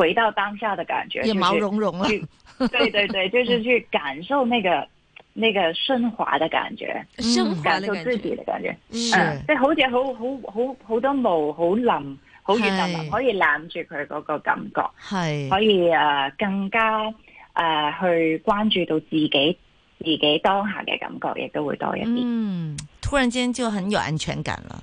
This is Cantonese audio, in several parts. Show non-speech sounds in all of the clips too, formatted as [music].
回到當下的感覺，也毛茸茸了。 [laughs] 對對對，就是去感受那個那個順滑的，的感覺，感受自己的感覺。嗯，即、嗯、係、嗯、好似好好好好多毛，好淋，好軟，可以攬住佢嗰個感覺。係可以誒、呃，更加誒、呃、去關注到自己自己當下嘅感覺，亦都會多一啲。嗯，突然間就很有安全感了。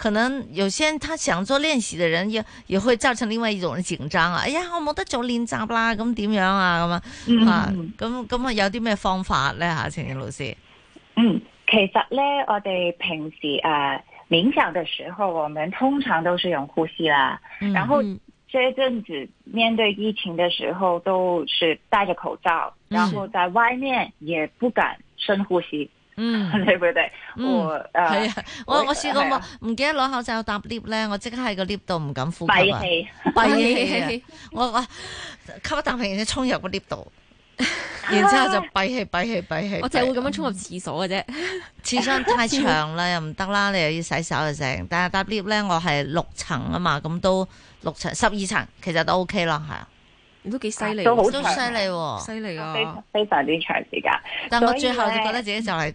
可能有些他想做練習的人也，也也會造成另外一種緊張啊！哎呀，我冇得做練習啦，咁點樣啊咁、嗯、啊？咁咁啊，有啲咩方法咧吓？映晴老師，嗯，其實咧，我哋平時誒、呃，冥想嘅時候，我們通常都是用呼吸啦、嗯。然後這陣子面對疫情嘅時候，都是戴着口罩、嗯，然後在外面也不敢深呼吸。嗯，你佢哋嗯係、uh, 啊，我我試、啊、過冇唔記得攞口罩搭 lift 咧，我即刻喺個 lift 度唔敢呼吸，閉氣 [laughs] 我我吸一啖氣，然之後衝入個 lift 度，然之後就閉氣閉氣閉氣。我就係會咁樣衝入廁所嘅啫，廁 [laughs] 所太長啦 [laughs] 又唔得啦，你又要洗手又剩。但係搭 lift 咧，我係六層啊嘛，咁都六層十二層，其實都 OK 啦，係啊，你都幾犀利，好都犀利，犀利啊，非常之長時間。但我最後就覺得自己就係。嗯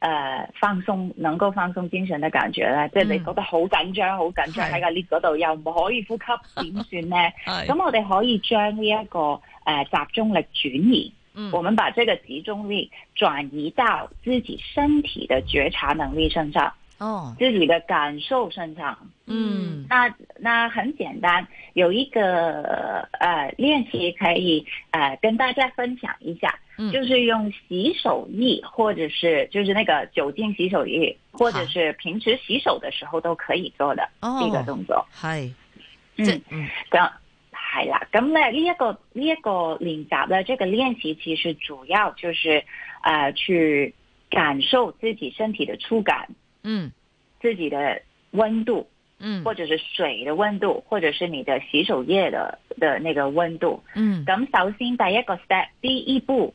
誒、呃，放鬆能夠放鬆精神的感覺咧，即、嗯、係、就是、你覺得好緊張、好緊張喺個 lift 嗰度，又唔可以呼吸麼呢，點算咧？咁我哋可以將呢一個誒、呃、集中力轉移，嗯，我們把這個集中力轉移到自己身體的覺察能力身上，哦，自己的感受身上，嗯，嗯，那那很簡單，有一個誒練習可以誒、呃、跟大家分享一下。就是用洗手液，或者是就是那個酒精洗手液，或者是平時洗手的時候都可以做的一個動作。係，嗯嗯，咁係啦，咁咧呢一個呢一個練習咧，這個練習其實主要就是啊去感受自己身體的觸感，嗯，自己的温度，嗯，或者是水的温度，或者是你的洗手液的的那個温度，嗯，咁首先第一個 step 第一步。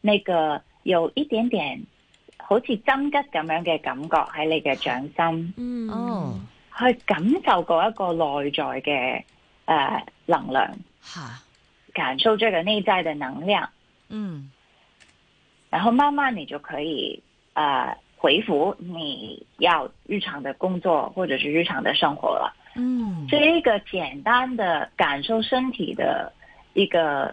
呢、那個有一點點好似針吉咁樣嘅感覺喺你嘅掌心，嗯，哦，去感受嗰一個內在嘅誒、呃、能量吓，感受這個內在嘅能量，嗯，然後慢慢你就可以誒、呃、恢復你要日常嘅工作或者是日常嘅生活啦，嗯，這一個簡單的感受身體的一個。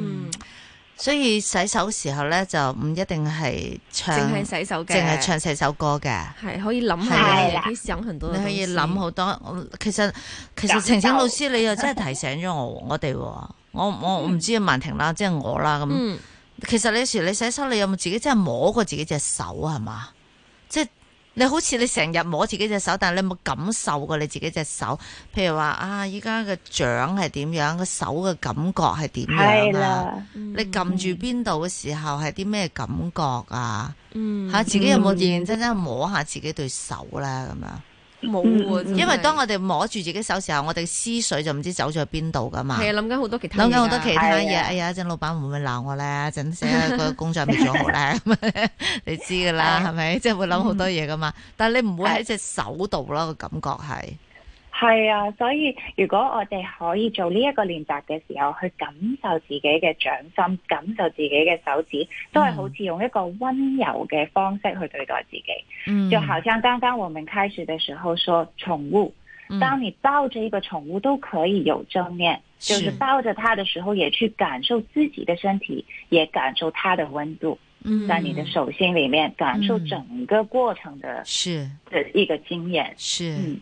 所以洗手時候咧，就唔一定係唱，淨係洗手的，淨係唱洗手歌嘅。係可以諗下，你可以想很多。很多你可以諗好多。其實其實晴晴老師，你又真係提醒咗我， [laughs] 我，我，我哋我我唔知阿曼婷啦，即、就、係、是、我啦咁、嗯。其實你時你洗手，你有冇自己真係摸過自己隻手啊？係嘛？.你好似你成日摸自己隻手，但係你有冇感受過你自己隻手？譬如話啊，依家個掌係點樣，個手嘅感覺係點樣啊？你撳住邊度嘅時候係啲咩感覺啊？吓、嗯，自己有冇認認真真摸下自己對手咧咁樣。冇、啊、因為當我哋摸住自己的手的時候，我哋思緒就唔知走咗去邊度噶嘛。係啊，諗緊好多其他諗緊好多其他嘢，啊。哎呀，陣、啊、老闆會唔會鬧我咧？陣時個工作未做好咧？ [laughs] [laughs] 你知噶啦，係 [laughs] 咪？即、就、係、是、會諗好多嘢噶嘛。嗯、但係你唔會喺隻手度咯，個感覺係。係啊，所以如果我哋可以做呢一個練習嘅時候，去感受自己嘅掌心，感受自己嘅手指，都係好似用一個溫柔嘅方式去對待自己。嗯，就好像剛剛我們開始嘅時候說寵物，當你抱着一個寵物都可以有正面，嗯、就是抱着它的時候，也去感受自己的身體，也感受它的溫度。嗯，在你的手心裏面感受整個過程的，是的一個經驗。是。是嗯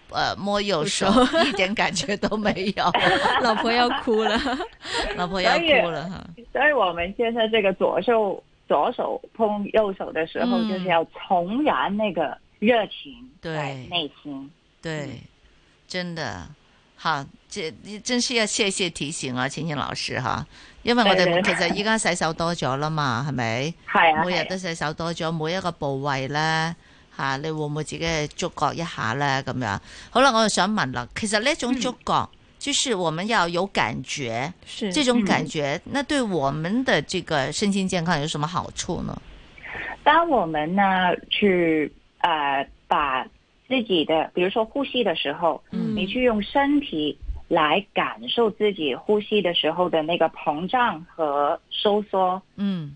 呃，摸右手一點感覺都沒有， [laughs] 老婆要哭了， [laughs] 老婆要哭了。所以，啊、所以所以我們現在這個左手左手碰右手的時候，就是要重燃那個熱情、嗯。對，內心對、嗯。對，真的好，這真是要謝謝提醒啊，晴晴老師哈、啊，因為我哋其實依家洗手多咗啦嘛，係咪？係 [laughs] 啊毫不。每日都洗手多咗，每一個部位咧。吓，你會唔會自己觸覺一下咧？咁樣好啦，我又想問啦，其實呢種觸覺，就是我們要有感覺，嗯、這種感覺、嗯，那對我們的這個身心健康有什麼好處呢？當我們呢去誒、呃，把自己的，比如說呼吸的時候、嗯，你去用身體來感受自己呼吸的時候的那個膨脹和收縮，嗯。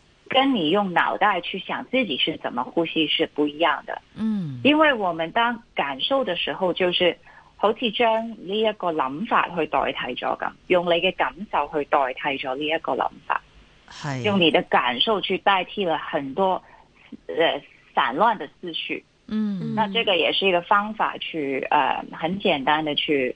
跟你用腦袋去想自己是怎麼呼吸是不一樣的，嗯，因為我們當感受的時候，就是好似將呢一個諗法去代替咗咁，用你嘅感受去代替咗呢一個諗法，係用你的感受去代替了很多，呃，散亂的思緒，嗯，那這個也是一個方法去，呃，很簡單的去。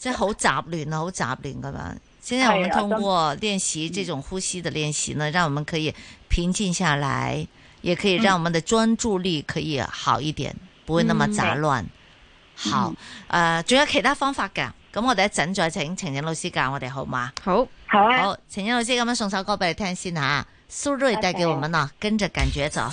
即係好雜亂啊，好雜亂噶嘛。現在我們通過練習這種呼吸的練習呢，哎、讓我們可以平靜下來，嗯，也可以讓我們的專注力可以好一點，嗯，不會那麼雜亂。嗯，好，誒、呃，仲有其他方法嘅，咁我哋一陣再請晴晴老師教我哋好嘛？好，好啊。晴晴老師咁樣送首歌俾你聽先吓，蘇芮帶給我們啊，哎、跟着感覺走。